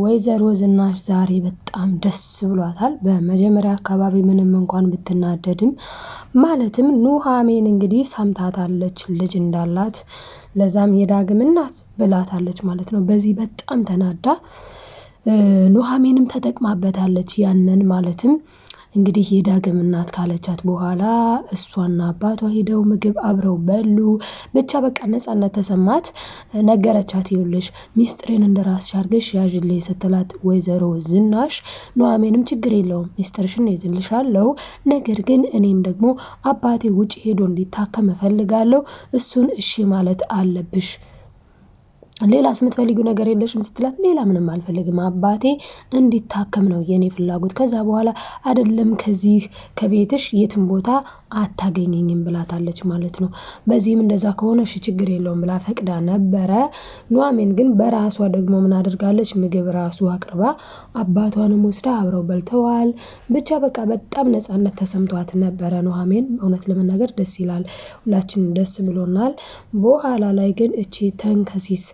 ወይዘሮ ዝናሽ ዛሬ በጣም ደስ ብሏታል። በመጀመሪያ አካባቢ ምንም እንኳን ብትናደድም ማለትም ኑሃሜን እንግዲህ ሰምታታለች ልጅ እንዳላት ለዛም የዳግም እናት ብላታለች ማለት ነው። በዚህ በጣም ተናዳ ኑሃሜንም ተጠቅማበታለች ያንን ማለትም እንግዲህ የዳግም እናት ካለቻት በኋላ እሷና አባቷ ሄደው ምግብ አብረው በሉ። ብቻ በቃ ነጻነት ተሰማት። ነገረቻት፣ ይኸውልሽ ሚስጥሬን እንደ ራስሽ አድርገሽ ያዥልኝ ስትላት ወይዘሮ ዝናሽ ኑሐሚንም ችግር የለውም ሚስጥርሽን ይዝልሻለሁ፣ ነገር ግን እኔም ደግሞ አባቴ ውጭ ሄዶ እንዲታከም እፈልጋለሁ፣ እሱን እሺ ማለት አለብሽ ሌላስ የምትፈልጊው ነገር የለሽም ስትላት፣ ሌላ ምንም አልፈልግም አባቴ እንዲታከም ነው የኔ ፍላጎት፣ ከዛ በኋላ አይደለም ከዚህ ከቤትሽ የትም ቦታ አታገኘኝም ብላታለች ማለት ነው። በዚህም እንደዛ ከሆነ እሺ ችግር የለውም ብላ ፈቅዳ ነበረ። ኑሐሚን ግን በራሷ ደግሞ ምን አድርጋለች? ምግብ ራሱ አቅርባ አባቷንም ወስዳ አብረው በልተዋል። ብቻ በቃ በጣም ነፃነት ተሰምቷት ነበረ ኑሐሚን። እውነት ለመናገር ደስ ይላል፣ ሁላችን ደስ ብሎናል። በኋላ ላይ ግን እቺ ተንከሲስ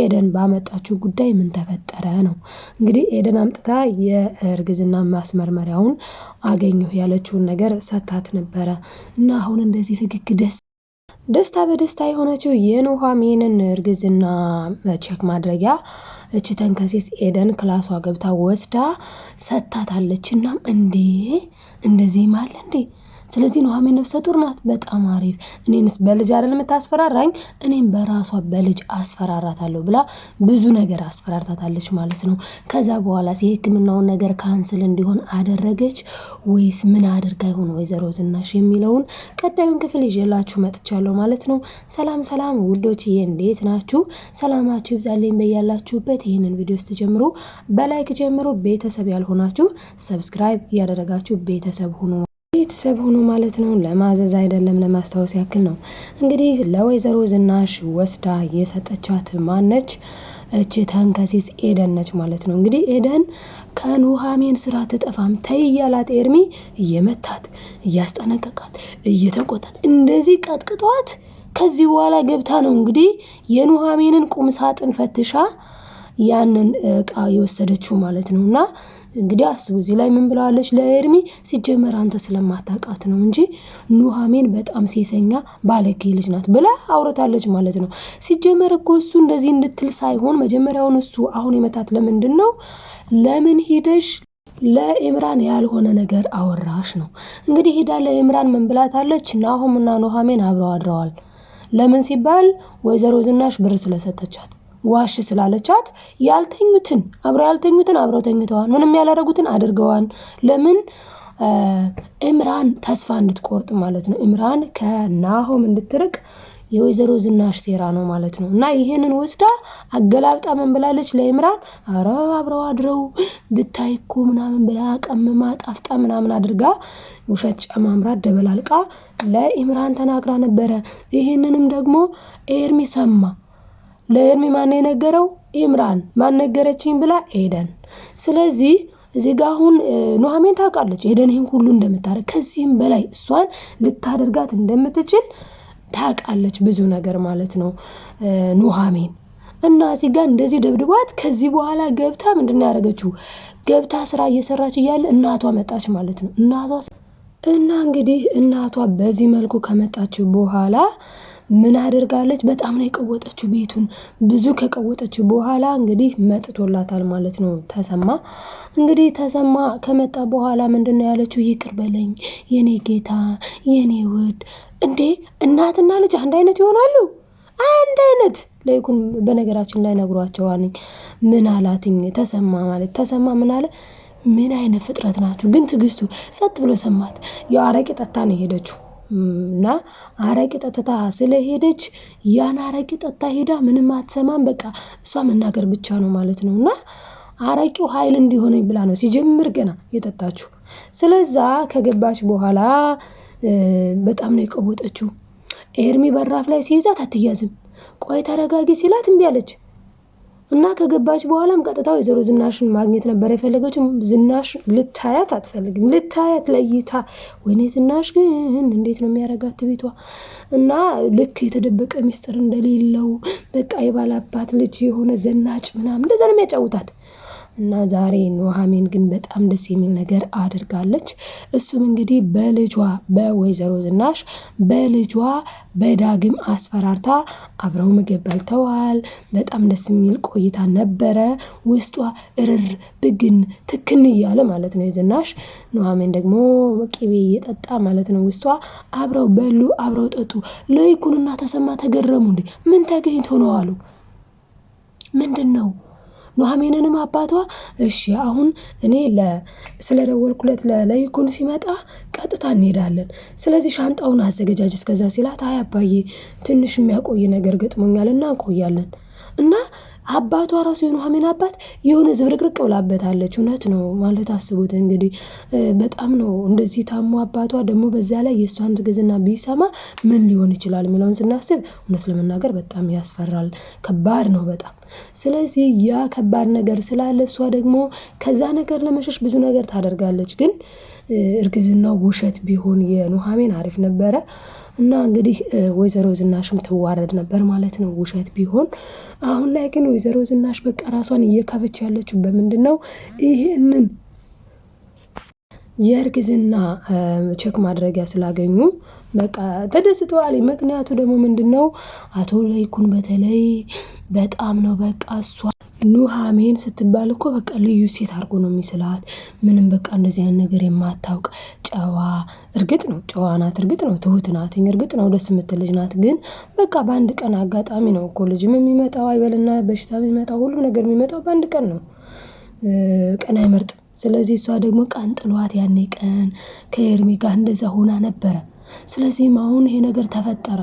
ኤደን ባመጣችው ጉዳይ ምን ተፈጠረ ነው። እንግዲህ ኤደን አምጥታ የእርግዝና ማስመርመሪያውን አገኘሁ ያለችውን ነገር ሰታት ነበረ እና አሁን እንደዚህ ፍግግ ደስ ደስታ በደስታ የሆነችው የኑሃሚንን እርግዝና ቼክ ማድረጊያ እች ተንከሴስ ኤደን ክላሷ ገብታ ወስዳ ሰታታለች። እናም እንዴ እንደዚህ ማለ እንዴ ስለዚህ ኑሐሚን ነፍሰ ጡር ናት። በጣም አሪፍ። እኔንስ በልጅ አይደል የምታስፈራራኝ? እኔም በራሷ በልጅ አስፈራራታለሁ ብላ ብዙ ነገር አስፈራርታታለች ማለት ነው። ከዛ በኋላ የህክምናውን ነገር ካንስል እንዲሆን አደረገች ወይስ ምን አድርጋ ይሆን ወይዘሮ ዝናሽ የሚለውን ቀጣዩን ክፍል ይዤላችሁ መጥቻለሁ ማለት ነው። ሰላም ሰላም ውዶችዬ፣ እንዴት ናችሁ? ሰላማችሁ ይብዛልኝ በያላችሁበት። ይህንን ቪዲዮ ስትጀምሩ በላይክ ጀምሩ። ቤተሰብ ያልሆናችሁ ሰብስክራይብ ያደረጋችሁ ቤተሰብ ሁኑ። ቤተሰብ ሆኖ ማለት ነው። ለማዘዝ አይደለም ለማስታወስ ያክል ነው። እንግዲህ ለወይዘሮ ዝናሽ ወስዳ የሰጠቻት ማነች? እች ተንከሲስ ኤደን ነች ማለት ነው። እንግዲህ ኤደን ከኑሃሜን ስራ ትጠፋም ተይ እያላት ኤርሚ እየመታት እያስጠነቀቃት እየተቆጣት እንደዚህ ቀጥቅጧት ከዚህ በኋላ ገብታ ነው እንግዲህ የኑሃሜንን ቁም ሳጥን ፈትሻ ያንን እቃ የወሰደችው ማለት ነው እና እንግዲህ አስቡ። እዚህ ላይ ምን ብለዋለች ለኤርሚ? ሲጀመር አንተ ስለማታውቃት ነው እንጂ ኑሐሚን በጣም ሴሰኛ ባለጌ ልጅ ናት ብላ አውረታለች ማለት ነው። ሲጀመር እኮ እሱ እንደዚህ እንድትል ሳይሆን መጀመሪያውን እሱ አሁን የመታት ለምንድን ነው ለምን ሂደሽ ለኢምራን ያልሆነ ነገር አወራሽ ነው እንግዲህ። ሂዳ ለኢምራን ምን ብላታለች? ናሆም እና ኑሐሚን አብረው አድረዋል። ለምን ሲባል ወይዘሮ ዝናሽ ብር ስለሰጠቻት ዋሽ ስላለቻት ያልተኙትን አብረው ያልተኙትን አብረው ተኝተዋል። ምንም ያላደረጉትን አድርገዋል። ለምን እምራን ተስፋ እንድትቆርጥ ማለት ነው። እምራን ከናሆም እንድትርቅ የወይዘሮ ዝናሽ ሴራ ነው ማለት ነው። እና ይህንን ወስዳ አገላብጣ ምን ብላለች? ለኢምራን ኧረ አብረው አድረው ብታይ እኮ ምናምን ብላ ቀምማ ጣፍጣ ምናምን አድርጋ ውሸት ጨማምራት ደበላልቃ ለኢምራን ተናግራ ነበረ። ይህንንም ደግሞ ኤርሚ ሰማ። ለኤርሚ ማን የነገረው? ኢምራን ማን ነገረችኝ ብላ ኤደን። ስለዚህ እዚህ ጋር አሁን ኑሐሚን ታውቃለች ኤደን ይህን ሁሉ እንደምታደርግ ከዚህም በላይ እሷን ልታደርጋት እንደምትችል ታውቃለች። ብዙ ነገር ማለት ነው ኑሐሚን እና እዚህ ጋር እንደዚህ ደብድባት ከዚህ በኋላ ገብታ ምንድን ነው ያደረገችው? ገብታ ስራ እየሰራች እያለ እናቷ መጣች ማለት ነው እናቷ እና እንግዲህ እናቷ በዚህ መልኩ ከመጣችው በኋላ ምን አድርጋለች? በጣም ነው የቀወጠችው ቤቱን። ብዙ ከቀወጠችው በኋላ እንግዲህ መጥቶላታል ማለት ነው ተሰማ። እንግዲህ ተሰማ ከመጣ በኋላ ምንድን ነው ያለችው? ይቅር በለኝ የኔ ጌታ የኔ ውድ። እንዴ እናትና ልጅ አንድ አይነት ይሆናሉ? አንድ አይነት ለይኩን በነገራችን ላይ ነግሯቸው አለኝ። ምን አላትኝ ተሰማ ማለት ተሰማ ምን አለ ምን አይነት ፍጥረት ናችሁ ግን? ትግስቱ ጸጥ ብሎ ሰማት። ያው አረቄ ጠታ ነው የሄደችው እና አረቂ ጠጥታ ስለሄደች ያን አረቂ ጠጥታ ሄዳ ምንም አትሰማም። በቃ እሷ መናገር ብቻ ነው ማለት ነው። እና አረቂው ሀይል እንዲሆነኝ ብላ ነው ሲጀምር ገና የጠጣችው። ስለዛ ከገባች በኋላ በጣም ነው የቀወጠችው። ኤርሚ በራፍ ላይ ሲይዛት አትያዝም። ቆይ ተረጋጊ ሲላት እምቢ አለች። እና ከገባች በኋላም ቀጥታ ወይዘሮ ዝናሽን ማግኘት ነበር የፈለገችው። ዝናሽ ልታያት አትፈልግም። ልታያት ለይታ፣ ወይኔ ዝናሽ ግን እንዴት ነው የሚያረጋት ቤቷ እና ልክ የተደበቀ ሚስጥር እንደሌለው በቃ የባላባት ልጅ የሆነ ዘናጭ ምናምን እንደዛ ነው የሚያጫውታት። እና ዛሬ ኑሃሚን ግን በጣም ደስ የሚል ነገር አድርጋለች። እሱም እንግዲህ በልጇ በወይዘሮ ዝናሽ በልጇ በዳግም አስፈራርታ አብረው ምግብ በልተዋል። በጣም ደስ የሚል ቆይታ ነበረ። ውስጧ እርር ብግን ትክን እያለ ማለት ነው የዝናሽ። ኑሃሚን ደግሞ ቅቤ እየጠጣ ማለት ነው ውስጧ። አብረው በሉ፣ አብረው ጠጡ። ለይኩንና ተሰማ ተገረሙ። እንዴ ምን ተገኝቶ ነው አሉ ምንድን ነው ኑሐሚንንም አባቷ እሺ አሁን እኔ ስለደወልኩለት ለይኩን ሲመጣ ቀጥታ እንሄዳለን፣ ስለዚህ ሻንጣውን አዘገጃጅ እስከዛ ሲላት አይ አባዬ ትንሽ የሚያቆይ ነገር ገጥሞኛል እና እንቆያለን እና አባቷ ራሱ የኑሐሚን አባት የሆነ ዝብርቅርቅ ብላበታለች። እውነት ነው ማለት አስቡት እንግዲህ በጣም ነው እንደዚህ ታሞ አባቷ ደግሞ በዛ ላይ የእሷን እርግዝና ቢሰማ ምን ሊሆን ይችላል የሚለውን ስናስብ እውነት ለመናገር በጣም ያስፈራል። ከባድ ነው በጣም። ስለዚህ ያ ከባድ ነገር ስላለ እሷ ደግሞ ከዛ ነገር ለመሸሽ ብዙ ነገር ታደርጋለች ግን እርግዝናው ውሸት ቢሆን የኑሐሚን አሪፍ ነበረ። እና እንግዲህ ወይዘሮ ዝናሽም ትዋረድ ነበር ማለት ነው ውሸት ቢሆን። አሁን ላይ ግን ወይዘሮ ዝናሽ በቃ ራሷን እየካበች ያለችው በምንድን ነው? ይህንን የእርግዝና ቼክ ማድረጊያ ስላገኙ በቃ ተደስተዋል። ምክንያቱ ደግሞ ምንድን ነው? አቶ ለይኩን በተለይ በጣም ነው በቃ እሷ ኑሃሜን ስትባል እኮ በቃ ልዩ ሴት አድርጎ ነው የሚስላት። ምንም በቃ እንደዚህ አይነት ነገር የማታውቅ ጨዋ፣ እርግጥ ነው ጨዋ ናት፣ እርግጥ ነው ትሁት ናት፣ እርግጥ ነው ደስ የምትልጅ ናት። ግን በቃ በአንድ ቀን አጋጣሚ ነው እኮ ልጅም የሚመጣው አይበልና በሽታ የሚመጣው ሁሉም ነገር የሚመጣው በአንድ ቀን ነው፣ ቀን አይመርጥም። ስለዚህ እሷ ደግሞ ቀን ጥሏት ያኔ ቀን ከኤርሜ ጋር እንደዛ ሆና ነበረ ስለዚህም አሁን ይሄ ነገር ተፈጠረ።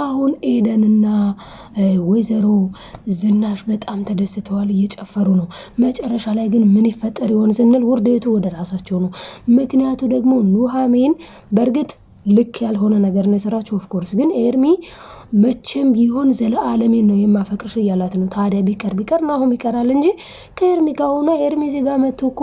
አሁን ኤደንና ወይዘሮ ዝናሽ በጣም ተደስተዋል፣ እየጨፈሩ ነው። መጨረሻ ላይ ግን ምን ይፈጠር ይሆን ስንል ውርደቱ ወደ ራሳቸው ነው። ምክንያቱ ደግሞ ኑሐሚን በእርግጥ ልክ ያልሆነ ነገር ነው የሰራችው። ኦፍኮርስ ግን ኤርሚ መቼም ቢሆን ዘለዓለሜን ነው የማፈቅርሽ እያላት ነው። ታዲያ ቢቀር ቢቀር ናሆም ይቀራል እንጂ ከኤርሚ ጋር ሆና ኤርሚ ዜጋ መቶ እኮ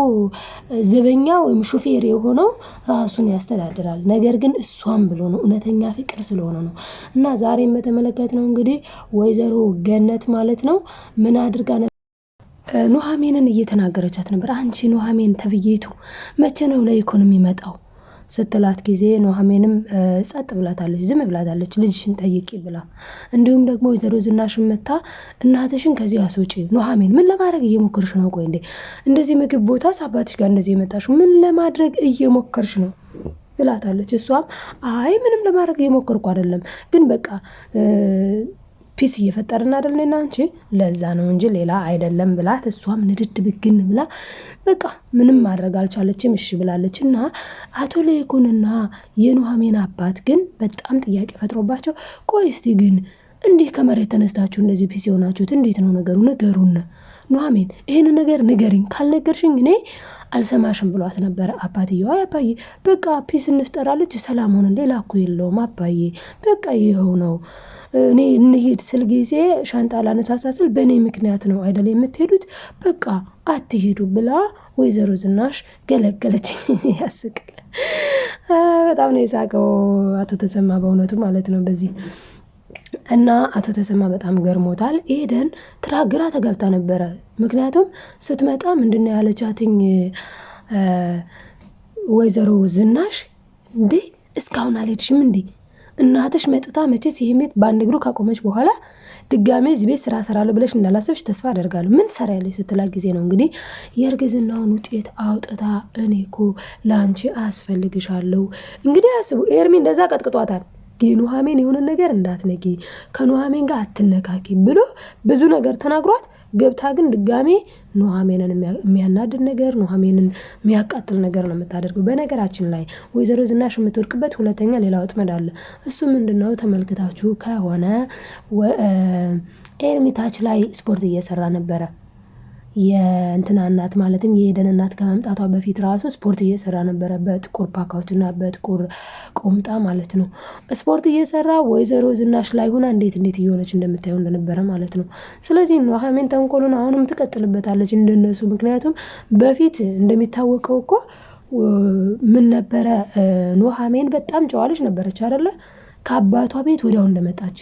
ዘበኛ ወይም ሹፌር የሆነው ራሱን ያስተዳድራል። ነገር ግን እሷም ብሎ ነው እውነተኛ ፍቅር ስለሆነ ነው። እና ዛሬ በተመለከት ነው እንግዲህ ወይዘሮ ገነት ማለት ነው ምን አድርጋ ነ ኑሐሚንን እየተናገረቻት ነበር። አንቺ ኑሐሚን ተብዬቱ መቼ ነው ለኢኮኖሚ የሚመጣው? ስትላት ጊዜ ኑሐሚንም ጸጥ ብላታለች፣ ዝም ብላታለች፣ ልጅሽን ጠይቂ ብላ። እንዲሁም ደግሞ ወይዘሮ ዝናሽን መታ እናትሽን ከዚህ አስውጪ። ኑሐሚን፣ ምን ለማድረግ እየሞከርሽ ነው? ቆይ እንዴ እንደዚህ ምግብ ቦታ ሳባትሽ ጋር እንደዚህ የመጣሽ ምን ለማድረግ እየሞከርሽ ነው ብላታለች። እሷም አይ ምንም ለማድረግ እየሞከርኩ አይደለም፣ ግን በቃ ፒስ እየፈጠርን አይደል ና አንቺ፣ ለዛ ነው እንጂ ሌላ አይደለም ብላት፣ እሷም ንድድ ብግን ብላ በቃ ምንም ማድረግ አልቻለችም። እሺ ብላለች። እና አቶ ለይኩንና የኑሐሚን አባት ግን በጣም ጥያቄ ፈጥሮባቸው፣ ቆይ እስቲ ግን እንዲህ ከመሬት ተነስታችሁ እንደዚህ ፒስ የሆናችሁት እንዴት ነው ነገሩ? ንገሩን ኑሐሚን ይህን ነገር ንገሪኝ፣ ካልነገርሽኝ እኔ አልሰማሽም ብሏት ነበረ አባትየዋ። አባዬ በቃ ፒስ እንፍጠራለች፣ ሰላም ሆነን ሌላ እኮ የለውም አባዬ፣ በቃ ይኸው ነው እኔ እንሄድ ስል ጊዜ ሻንጣ ላነሳሳ ስል በእኔ ምክንያት ነው አይደል የምትሄዱት፣ በቃ አትሄዱ ብላ ወይዘሮ ዝናሽ ገለገለች። ያስቃል። በጣም ነው የሳቀው አቶ ተሰማ በእውነቱ ማለት ነው በዚህ እና አቶ ተሰማ በጣም ገርሞታል። ኤደን ትራ ግራ ተገብታ ነበረ። ምክንያቱም ስትመጣ ምንድን ነው ያለቻትኝ ወይዘሮ ዝናሽ እንዴ እስካሁን አልሄድሽም እንዴ እናትሽ መጥታ መቼ ይህን ቤት በአንድ እግሩ ካቆመች በኋላ ድጋሜ እዚህ ቤት ስራ ሰራለሁ ብለሽ እንዳላሰብሽ ተስፋ አደርጋለሁ። ምን ሰራ ስትላ ጊዜ ነው እንግዲህ የእርግዝናውን ውጤት አውጥታ እኔ እኮ ለአንቺ አስፈልግሻለሁ። እንግዲህ አስቡ፣ ኤርሚ እንደዛ ቀጥቅጧታል። የኑሐሜን የሆነ ነገር እንዳትነጊ፣ ከኑሐሜን ጋር አትነካኪ ብሎ ብዙ ነገር ተናግሯት ገብታ ግን ድጋሜ ኑሐሚንን የሚያናድድ ነገር ኑሐሚንን የሚያቃጥል ነገር ነው የምታደርገው። በነገራችን ላይ ወይዘሮ ዝናሽ የምትወድቅበት ሁለተኛ ሌላ ወጥመድ አለ። እሱ ምንድን ነው? ተመልክታችሁ ከሆነ ኤርሚታች ላይ ስፖርት እየሰራ ነበረ የእንትና እናት ማለትም የሄደን እናት ከመምጣቷ በፊት ራሱ ስፖርት እየሰራ ነበረ፣ በጥቁር ፓካውትና በጥቁር ቁምጣ ማለት ነው። ስፖርት እየሰራ ወይዘሮ ዝናሽ ላይ ሁና እንዴት እንዴት እየሆነች እንደምታየው እንደነበረ ማለት ነው። ስለዚህ ኑሃሚን ተንኮሉን አሁንም ትቀጥልበታለች እንደነሱ። ምክንያቱም በፊት እንደሚታወቀው እኮ ምን ነበረ ኑሃሚን በጣም ጨዋለች ነበረች አይደለ? ከአባቷ ቤት ወዲያው እንደመጣች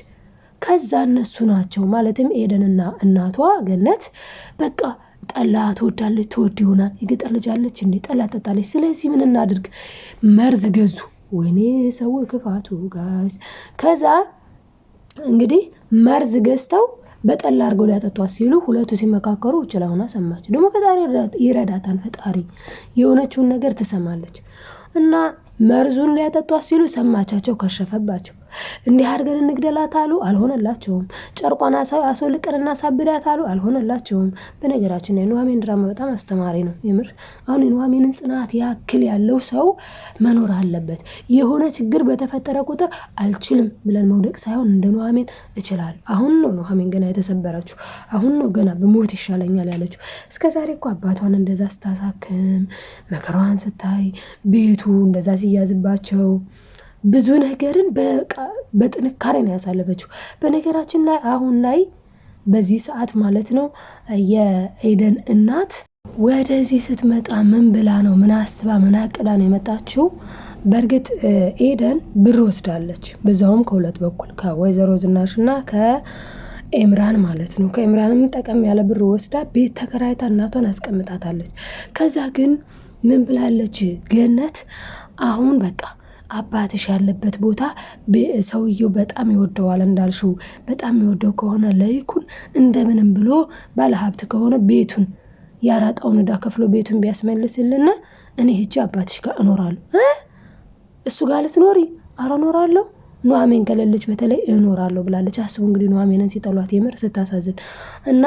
ከዛ እነሱ ናቸው ማለትም ኤደንና እናቷ ገነት በቃ ጠላ ትወዳለች፣ ትወድ ይሆናል። የገጠር ልጅ አለች እንዴ ጠላ ጠጣለች። ስለዚህ ምን እናድርግ? መርዝ ገዙ። ወይኔ ሰው ክፋቱ ጋዝ። ከዛ እንግዲህ መርዝ ገዝተው በጠላ አድርገው ሊያጠጧት ሲሉ ሁለቱ ሲመካከሩ ችላ ሰማች። ደግሞ ፈጣሪ ይረዳታል። ፈጣሪ የሆነችውን ነገር ትሰማለች እና መርዙን ሊያጠጧት ሲሉ ሰማቻቸው፣ ከሸፈባቸው። እንዲህ አድርገን እንግደላት አሉ፣ አልሆነላቸውም። ጨርቋን አስወልቀን እናሳብዳት አሉ፣ አልሆነላቸውም። በነገራችን ላይ ኑሐሚን ድራማ በጣም አስተማሪ ነው። የምር አሁን የኑሐሚንን ጽናት ያክል ያለው ሰው መኖር አለበት። የሆነ ችግር በተፈጠረ ቁጥር አልችልም ብለን መውደቅ ሳይሆን እንደ ኑሐሚን እችላለሁ። አሁን ነው ኑሐሚን ገና የተሰበረችው። አሁን ነው ገና በሞት ይሻለኛል ያለችው። እስከ ዛሬ እኮ አባቷን እንደዛ ስታሳክም መከራዋን ስታይ ቤቱ እንደዛ ሲያዝባቸው ብዙ ነገርን በጥንካሬ ነው ያሳለፈችው። በነገራችን ላይ አሁን ላይ በዚህ ሰዓት ማለት ነው የኤደን እናት ወደዚህ ስትመጣ ምን ብላ ነው ምን አስባ ምን አቅዳ ነው የመጣችው? በእርግጥ ኤደን ብር ወስዳለች። በዛውም ከሁለት በኩል ከወይዘሮ ዝናሽ እና ከኤምራን ማለት ነው። ከኤምራንም ጠቀም ያለ ብር ወስዳ ቤት ተከራይታ እናቷን አስቀምጣታለች። ከዛ ግን ምን ብላለች ገነት አሁን በቃ አባትሽ ያለበት ቦታ ሰውየው በጣም ይወደዋል። እንዳልሽው በጣም ይወደው ከሆነ ለይኩን እንደምንም ብሎ ባለሀብት ከሆነ ቤቱን ያራጣውን ዕዳ ከፍሎ ቤቱን ቢያስመልስልና እኔ ሂጄ አባትሽ ጋር እኖራለሁ። እሱ ጋር ልትኖሪ አረ እኖራለሁ ኑሐሚን ከሌለች በተለይ እኖራለሁ ብላለች። አስቡ እንግዲህ ኑሐሚንን ሲጠሏት የምር ስታሳዝን እና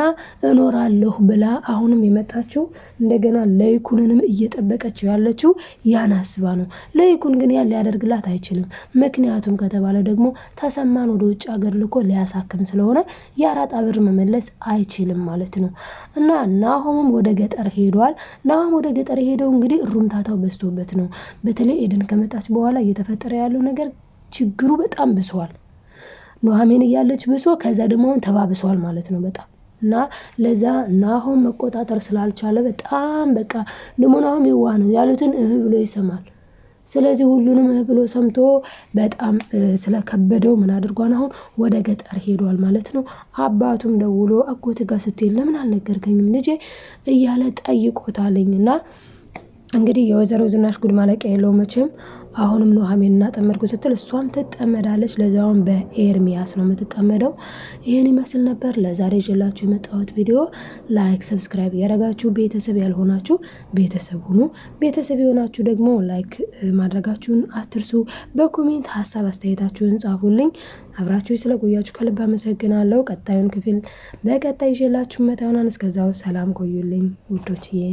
እኖራለሁ ብላ አሁንም የመጣችው እንደገና ለይኩንንም እየጠበቀችው ያለችው ያን አስባ ነው። ለይኩን ግን ያን ሊያደርግላት አይችልም። ምክንያቱም ከተባለ ደግሞ ተሰማን ወደ ውጭ ሀገር ልኮ ሊያሳክም ስለሆነ የአራጣ ብር መመለስ አይችልም ማለት ነው እና ናሆምም ወደ ገጠር ሄደዋል። ናሆም ወደ ገጠር ሄደው እንግዲህ እሩምታታው በዝቶበት ነው። በተለይ ኤደን ከመጣች በኋላ እየተፈጠረ ያለው ነገር ችግሩ በጣም ብሷል። ኑሐሚን እያለች ብሶ ከዛ ደግሞ አሁን ተባብሷል ማለት ነው በጣም እና ለዛ ናሆም መቆጣጠር ስላልቻለ በጣም በቃ ደግሞ ናሆም ይዋ ነው ያሉትን እህ ብሎ ይሰማል። ስለዚህ ሁሉንም እህ ብሎ ሰምቶ በጣም ስለከበደው ምን አድርጓን አሁን ወደ ገጠር ሄዷል ማለት ነው። አባቱም ደውሎ አጎት ጋር ስትሄድ ለምን አልነገርከኝም ልጄ እያለ ጠይቆታለኝ እና እንግዲህ የወይዘሮ ዝናሽ ጉድ ማለቂያ የለው መቼም አሁንም ኑሃሚን እናጠመድኩ ስትል እሷም ትጠመዳለች። ለዚያውም በኤርሚያስ ነው የምትጠመደው። ይህን ይመስል ነበር ለዛሬ ይዤላችሁ የመጣሁት ቪዲዮ። ላይክ፣ ሰብስክራይብ እያደረጋችሁ ቤተሰብ ያልሆናችሁ ቤተሰብ ሁኑ። ቤተሰብ የሆናችሁ ደግሞ ላይክ ማድረጋችሁን አትርሱ። በኮሜንት ሀሳብ አስተያየታችሁን ጻፉልኝ። አብራችሁ ስለቆያችሁ ከልብ አመሰግናለሁ። ቀጣዩን ክፍል በቀጣይ ይዤላችሁ መጣ ይሆናል። እስከዛው ሰላም ቆዩልኝ ውዶችዬ።